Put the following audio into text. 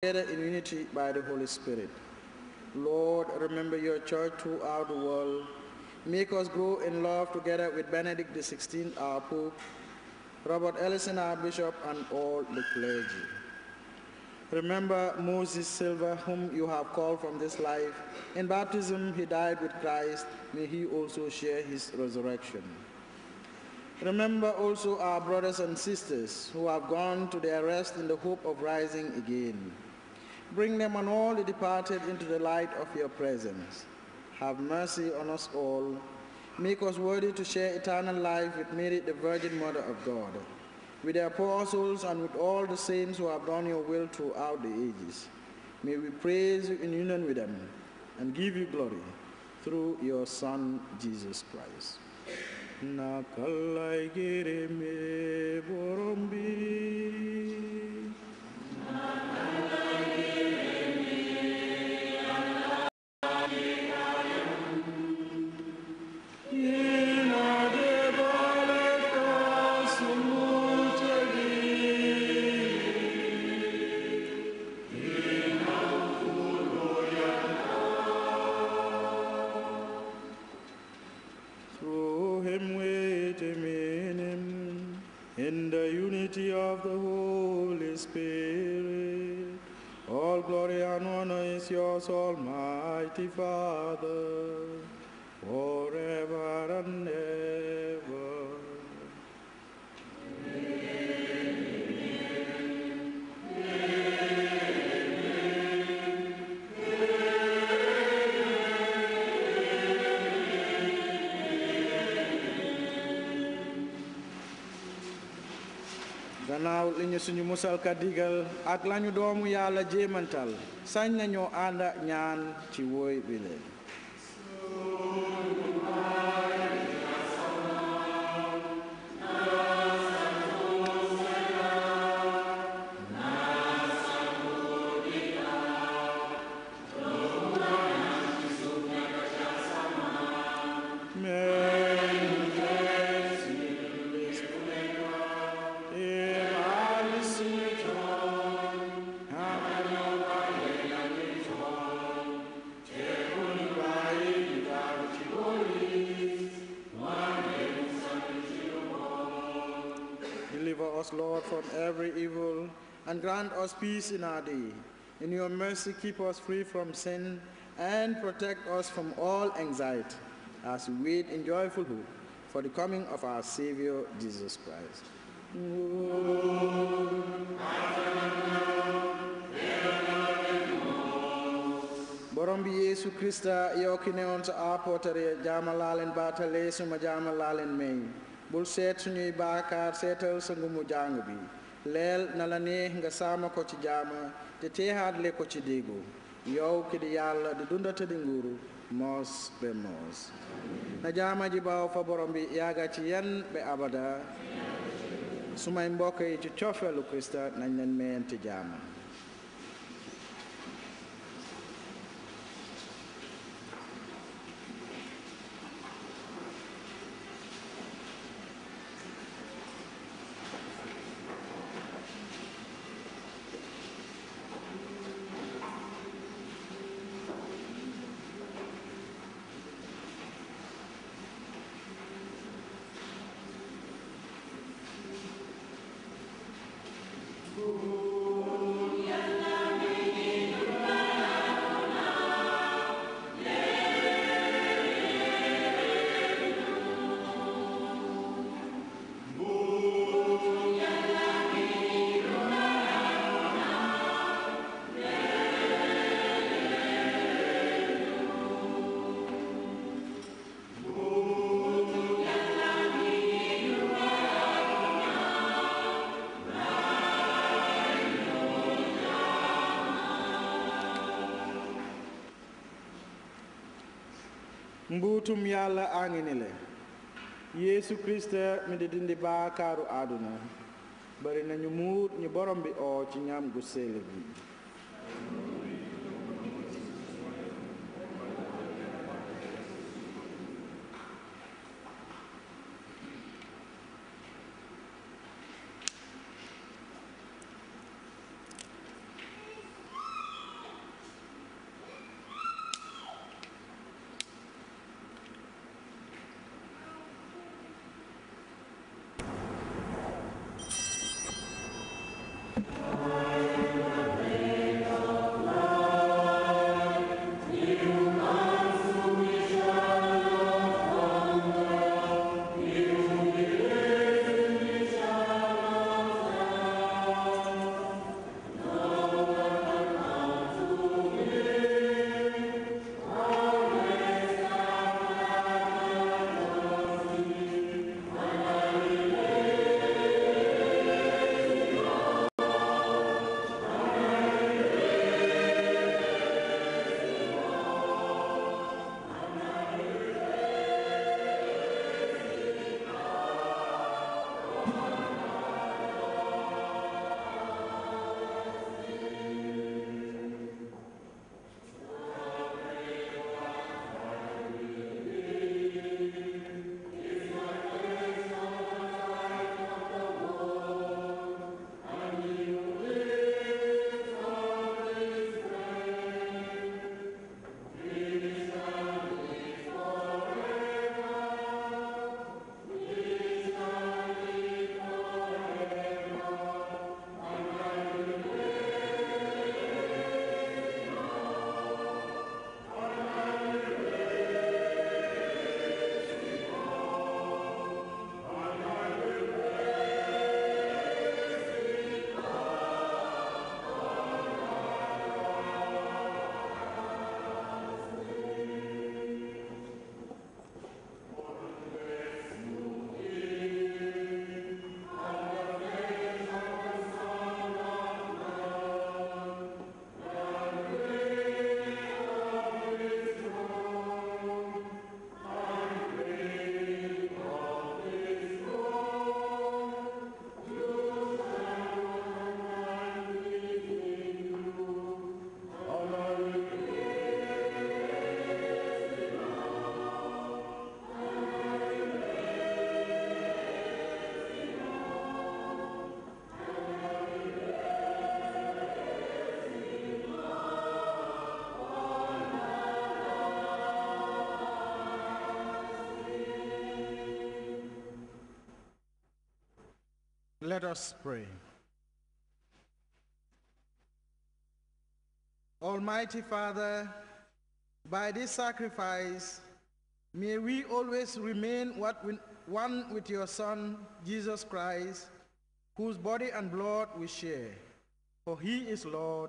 together in unity by the Holy Spirit. Lord, remember your church throughout the world. Make us grow in love together with Benedict XVI, our Pope, Robert Ellison, our Bishop, and all the clergy. Remember Moses Silva, whom you have called from this life. In baptism, he died with Christ. May he also share his resurrection. Remember also our brothers and sisters who have gone to their rest in the hope of rising again. Bring them and all the departed into the light of your presence. Have mercy on us all. Make us worthy to share eternal life with Mary, the Virgin Mother of God, with the apostles and with all the saints who have done your will throughout the ages. May we praise you in union with them and give you glory through your Son, Jesus Christ. Nakalai borombi. gracious Almighty Father, forever and ever. naaw li ñu suñu musalkat digal ak lañu doomu yàlla jéemantal sañ nañoo ànd ñaan ci wóoy bile from every evil, and grant us peace in our day. In your mercy, keep us free from sin and protect us from all anxiety as we wait in joyful hope for the coming of our Savior, Jesus Christ. Borombi Yesu Krista yokine onto apotare jamalalin batale suma jama main. bul seet suñuy baakaar seetal sa ngumu jàng bi leel na la neex nga saama ko ci jaama te teexaatle ko ci déego yow ki di yàlla di dundata di nguuru moos be moos na jaama ji baaw fa borom bi yaaga ci yan be abada su may mbokk yi ci coofeelu krista nañ leen meyenti jaama mbuutum yalla aŋinile yeesu kristo miɗe dindi baakaaru aaduna bari na ñu muur ñu borom bi o ci ñaamgu seelebi Let us pray. Almighty Father, by this sacrifice, may we always remain one with your Son, Jesus Christ, whose body and blood we share, for he is Lord